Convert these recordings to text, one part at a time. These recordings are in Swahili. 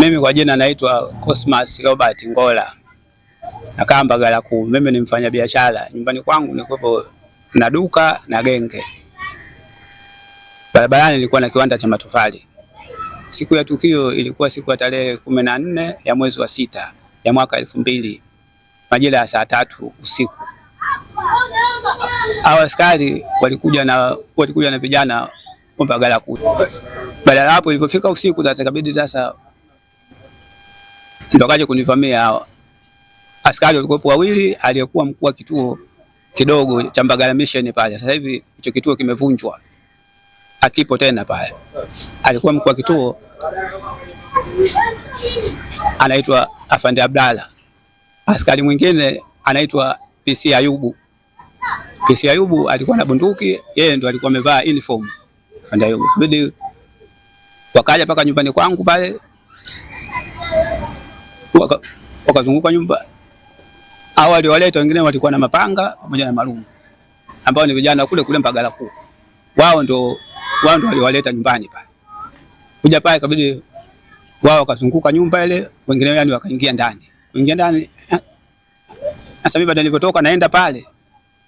Mimi kwa jina naitwa Cosmas Robert Ngola. Nakaa Mbagala Kuu. Mimi ni mfanyabiashara. Nyumbani kwangu nilikuwa na duka na genge. Barabarani nilikuwa na kiwanda cha matofali. Siku ya tukio ilikuwa siku ya tarehe kumi na nne ya mwezi wa sita ya mwaka elfu mbili majira ya saa tatu usiku. Hawa askari walikuja na walikuja na vijana Mbagala Kuu. Baada ya hapo ilipofika usiku sasa ikabidi sasa ndio kaje kunivamia hawa. Askari walikuwepo wawili, aliyekuwa mkuu wa kituo kidogo cha Mbagala Mission pale. Sasa hivi hicho kituo kimevunjwa. Akipo tena pale. Alikuwa mkuu wa kituo anaitwa Afande Abdalla. Askari mwingine anaitwa PC Ayubu. PC Ayubu alikuwa na bunduki, yeye ndo alikuwa amevaa uniform. Afande Ayubu. Bidi wakaja paka nyumbani kwangu pale wakazunguka waka nyumba. Hao waliowaleta wengine walikuwa na mapanga pamoja na marungu, ambao ni vijana kule kule Mbagala kuu. Wao ndio wao ndio waliwaleta nyumbani pale. Kuja pale kabidi wao wakazunguka nyumba ile, wengine yani wakaingia ndani, wengine ndani. Eh, sasa mimi baada nilipotoka naenda pale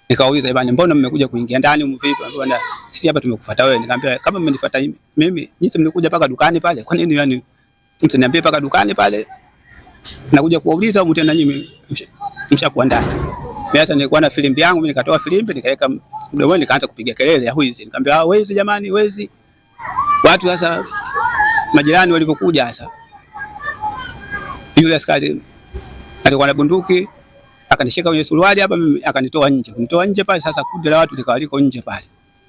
nikauliza, ibani, mbona mmekuja kuingia ndani huko vipi? Bwana, sisi hapa tumekufuata wewe. Nikamwambia kama mmenifuata mimi, nyinyi mlikuja paka dukani pale, kwa nini yani mtaniambia paka dukani pale nakuja kuwauliza au mtenda nyinyi mshakuandaa. Mimi hata nilikuwa na filimbi yangu, mimi nikatoa filimbi nikaweka mdomoni, nikaanza kupiga kelele ya wizi, nikamwambia ah, wezi jamani, wezi. Watu sasa majirani walivyokuja sasa, yule askari alikuwa na bunduki akanishika kwenye suruali hapa, mimi akanitoa nje, nitoa nje pale. Sasa kundi la watu likawaliko nje pale,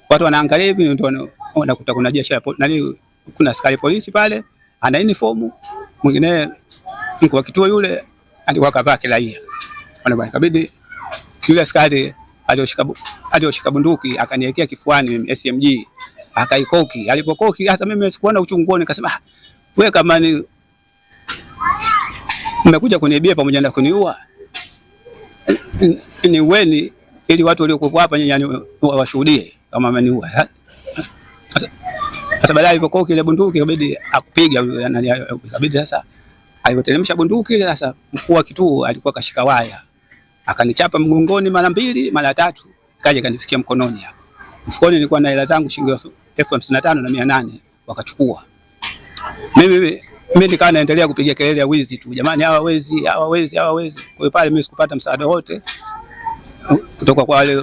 watu wanaangalia hivi, ndio wanakuta kuna jeshi la polisi, kuna askari polisi pale ana uniform mwingine mkuu wa kituo yule alikuwa kavaa kiraia. Ikabidi yule askari alioshika bunduki akaniwekea kifuani SMG akaikoki. Alipokoki hasa mimi sikuona uchungu, nikasema ah, wewe kama ni mmekuja kuniibia pamoja na kuniua ni weni ili watu walio kuwa hapa yani washuhudie kama ameniua. Sasa baadaye alipokoki ile bunduki ikabidi akupiga, ikabidi sasa alipoteremsha bunduki ile, sasa, mkuu wa kituo alikuwa kashika waya, akanichapa mgongoni mara mbili mara tatu, kaja kanifikia mkononi hapo. Mfukoni nilikuwa na hela zangu shilingi elfu hamsini na tano na mia nane wakachukua. Mimi mimi nikawa naendelea kupiga kelele ya wizi tu, jamani, hawa wezi, hawa wezi, hawa wezi. Kwa hiyo pale mimi sikupata msaada wote kutoka kwa wale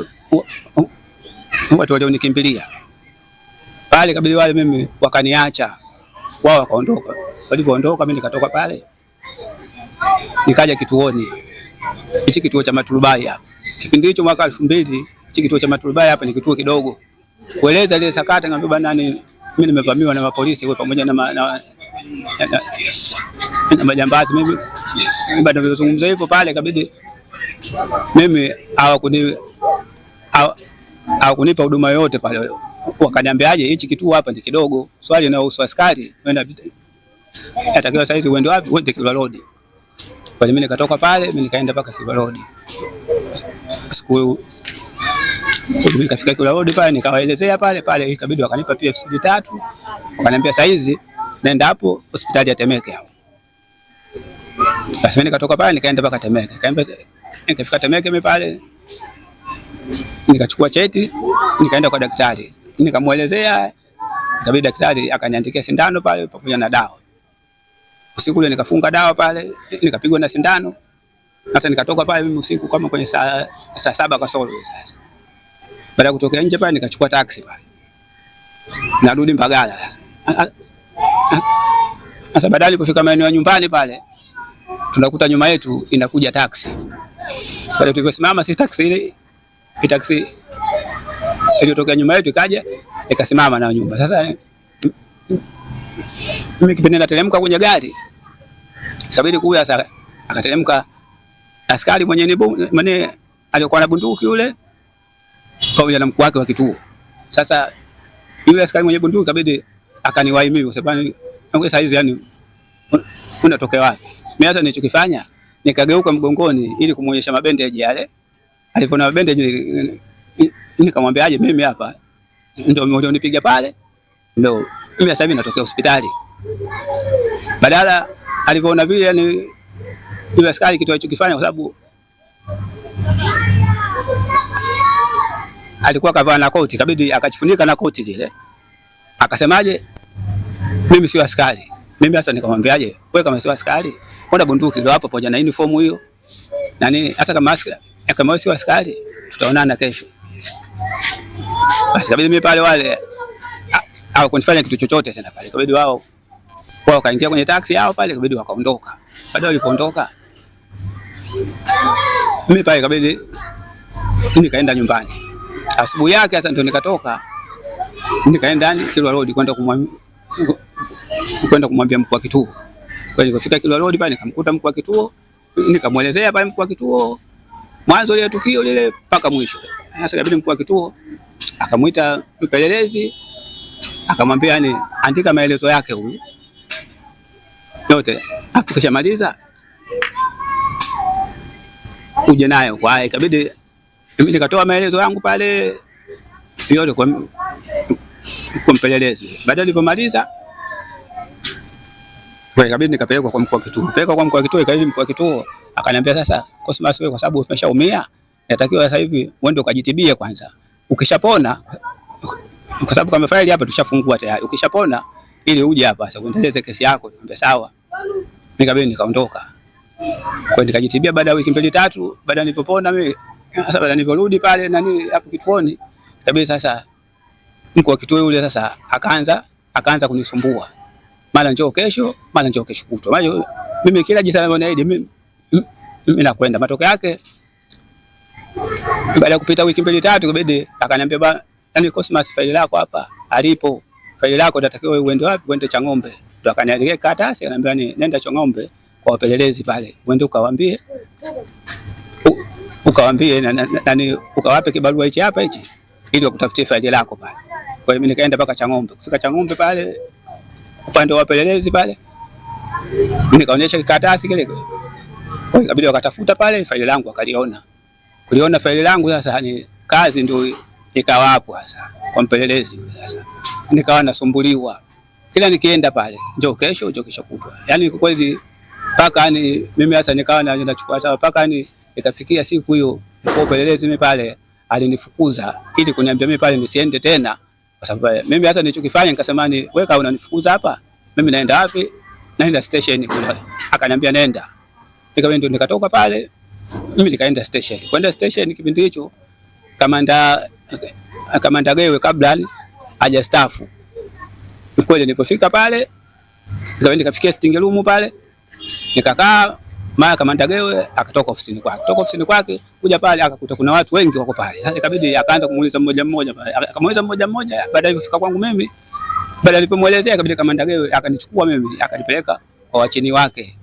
watu walionikimbilia pale kabili wale, mimi wakaniacha wao, wakaondoka. Walivyoondoka mimi nikatoka pale nikaja kituoni hichi kituo cha Maturubai hapa. Kipindi hicho mwaka elfu mbili hichi kituo cha Maturubai hapa ni kituo kidogo. Kueleza ile sakata, ngambia bwana, mimi nimevamiwa na mapolisi kwa pamoja na na, na, na, na majambazi. Mimi baada ya kuzungumza hivyo pale, kabidi mimi hawakuni hawakunipa huduma yote pale. Wakaniambiaje, hichi kituo hapa ni kidogo, swali na usu askari, wenda atakiwa saizi uende wapi? Uende Kilwa Road. Kwa hiyo mimi nikatoka pale, mimi nikaenda mpaka Kibarodi. Siku nikafika Kibarodi pale nikawaelezea pale pale, ikabidi wakanipa pia PFCD tatu, wakaniambia saa hizi nenda hapo hospitali ya Temeke hapo. Basi mimi nikatoka pale nikaenda mpaka Temeke. Kaambia Nikafika Temeke mimi pale nikachukua cheti nikaenda kwa daktari, Nikamuelezea, ikabidi daktari akaniandikia sindano pale pamoja na dawa usiku ule nikafunga dawa pale, nikapigwa na sindano, hata nikatoka pale mimi usiku kama kwenye saa saa saba kasoro. Sasa baada ya kutokea nje pale, nikachukua taxi pale, narudi Mbagala. Sasa baadaye nilipofika maeneo ya nyumbani pale, tunakuta nyuma yetu inakuja taxi. Baada tulivyosimama si taxi ile, ni taxi iliyotokea nyuma yetu ikaja ikasimama na nyumba sasa mimi kipindi nateremka kwenye gari ikabidi kuya sasa, akateremka askari mwenye nibu, mwenye aliyokuwa na bunduki yule pamoja na mkuu wake wa kituo. Sasa yule askari mwenye bunduki kabidi akaniwahi mimi, kwa sababu yaani, sasa hizi yani unatokea wapi? Mimi hata nilichokifanya nikageuka mgongoni ili kumuonyesha mabendeji yale. Alipona mabendeji nikamwambia aje, mimi hapa ndio mlionipiga pale ndio mimi sasa hivi natokea hospitali. Badala alivyoona vile, yani yule askari kitu alichokifanya, kwa sababu alikuwa kavaa na koti, kabidi akajifunika na koti lile, akasemaje, mimi sio askari. Mimi sasa nikamwambiaje, wewe kama sio askari, kwenda bunduki ndio hapo pamoja na uniform hiyo nani, hata kama askari kama sio askari, tutaonana kesho. Basi kabidi mimi pale wale hawakunifanya kitu chochote tena pale. Ikabidi wao wao wakaingia kwenye taksi yao pale, ikabidi wakaondoka. Baada walipoondoka, mimi pale ikabidi nikaenda nyumbani. Asubuhi yake sasa ndio nikatoka nikaenda Kilwa Road kwenda kumwambia kwenda kumwambia mkuu wa kituo. Kwa hiyo nikafika Kilwa Road pale nikamkuta mkuu wa kituo, nikamwelezea pale mkuu wa kituo mwanzo ile tukio lile mpaka mwisho. Sasa ikabidi mkuu wa kituo akamwita mpelelezi akamwambia yani, andika maelezo yake huyu yote, akishamaliza uje nayo kwa. hiyo Ikabidi mimi nikatoa maelezo yangu pale yote kwa mpelelezi. Baada nilipomaliza ikabidi nikapelekwa kwa mkuu wa kituo. Pelekwa kwa mkuu wa kituo, ikabidi mkuu wa kituo akaniambia, sasa Cosmas wewe, kwa sababu umeshaumia, natakiwa sasa hivi uende ukajitibie kwanza, ukishapona kwa sababu kama faili hapa tushafungua tayari, ukishapona ili uje hapa sasa uendeleze kesi yako. Nikamwambia sawa, nikabidi nikaondoka kwa nikajitibia. Baada ya wiki mbili tatu, baada nilipopona mimi sasa, baada niliporudi pale nani hapo kituoni, ikabidi sasa mko wa kituo yule sasa akaanza akaanza kunisumbua, mara njoo kesho, mara njoo kesho kutwa, maana mimi kila jinsi anavyonaidi mimi mimi nakwenda. Matokeo yake baada ya kupita wiki mbili tatu, kabidi akaniambia bwana yani Cosmas faili lako hapa alipo, faili lako unatakiwa uende wapi? Uende Chang'ombe. Ndo akaniandikia karatasi, ananiambia ni nenda Chang'ombe kwa wapelelezi pale, uende ukawaambie, ukawaambie nani, ukawape kibarua hichi hapa hichi, ili wakutafutie faili lako pale. Kwa hiyo mimi nikaenda mpaka Chang'ombe. Kufika Chang'ombe pale upande wa wapelelezi pale, nikaonyesha kikaratasi kile, ikabidi wakatafuta pale faili langu, akaliona Kuliona faili langu sasa ni kazi ndio nikawa hapo sasa kwa mpelelezi yule sasa, nikawa nasumbuliwa kila nikienda pale, njoo kesho, njoo kesho kutwa, yani kwa kweli paka yani mimi sasa nikawa na nachukua hata paka yani ikafikia siku hiyo, kwa upelelezi mimi pale alinifukuza ili kuniambia mimi pale nisiende tena, kwa sababu mimi hata nilichokifanya nikasema, ni weka unanifukuza hapa, mimi naenda wapi? Naenda station kule. Akaniambia nenda, nikawa ndio nikatoka pale, mimi nikaenda station. Kwenda station kipindi hicho kamanda Kamanda Gewe kabla hajastaafu. Kweli nilipofika pale nikaenda kafikia sitting room pale nikakaa, mara Kamanda Gewe akatoka ofisini kwake, kutoka ofisini kwake kuja pale akakuta kuna watu wengi wako pale. Sasa ikabidi akaanza kumuuliza mmoja mmoja, akamuuliza mmoja mmoja. Baada ya kufika kwangu mimi, baada alipomuelezea ikabidi Kamanda Gewe akanichukua mimi akanipeleka kwa wachini wake,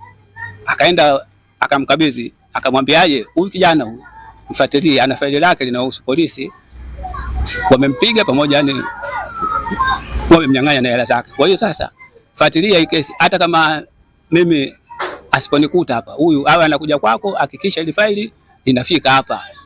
akaenda akamkabidhi, akamwambiaje, huyu kijana huyu mfuatilie, ana faili lake linahusu polisi wamempiga pamoja, yani wamemnyang'anya na hela zake. Kwa hiyo sasa fuatilia hii kesi, hata kama mimi asiponikuta hapa, huyu awe anakuja kwako, hakikisha ile faili inafika hapa.